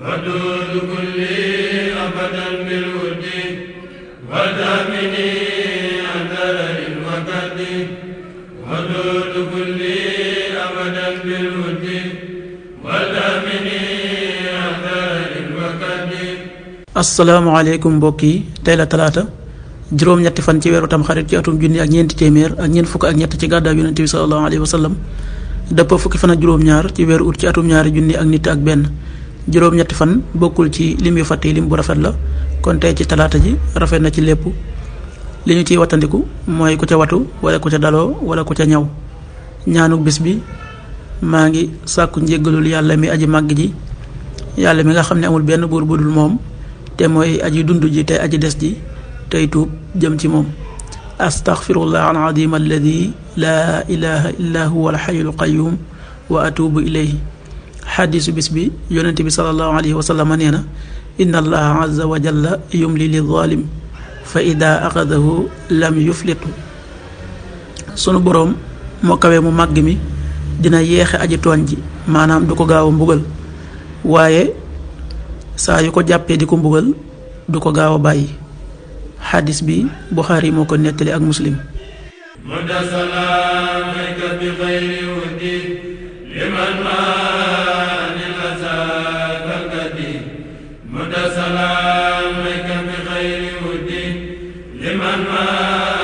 ودود كلي أبدا بالود ودامني أدر وكد ودود كلي أبدا بالود ودامني أدر وكد asalaamaaleykum mbokk yi tey la talaata juróom-ñetti fan ci weeru tamxarit ci atum junni ak ñeenti téeméer ak ñeent fukk ak ñett ci gàddaay yonent bi sallallahu alayhi wa sallam fukki fan ak juróom-ñaar ci weeru ut ci atum ñaari junni ak nit ak benn juróom-ñetti fan bokkul ci lim yu fàtte yi lim bu rafet la kon tey ci talaata ji rafet na ci lépp li ñu ciy wattandiku mooy ku ca watu wala ku ca daloo wala ku ca ñaw ñaanu bis bi maa ngi sàkku njéggalul yàlla mi aji màgg ji yàlla mi nga xam ne amul benn buur bu dul moom te mooy aji dund ji tey aji des ji tey tuub jëm ci moom astaghfirullah al azim alladi laa ilaha illa huwa al xayu al wa atubu ilayhi xadiisu bis bi yonente bi salallahu alayhi wa sallam nee na inna allaha azza wa jalla yumli li boroom moo kawee mu màgg mi dina yéexe aji tooñ ji maanaam du ko gaaw a mbugal waaye saa ko jàppee di mbugal du ko gaaw a bàyyi xadis bi Buxaari moo ko nettali ak muslim ma مد سلامك بخير ودي لمن ما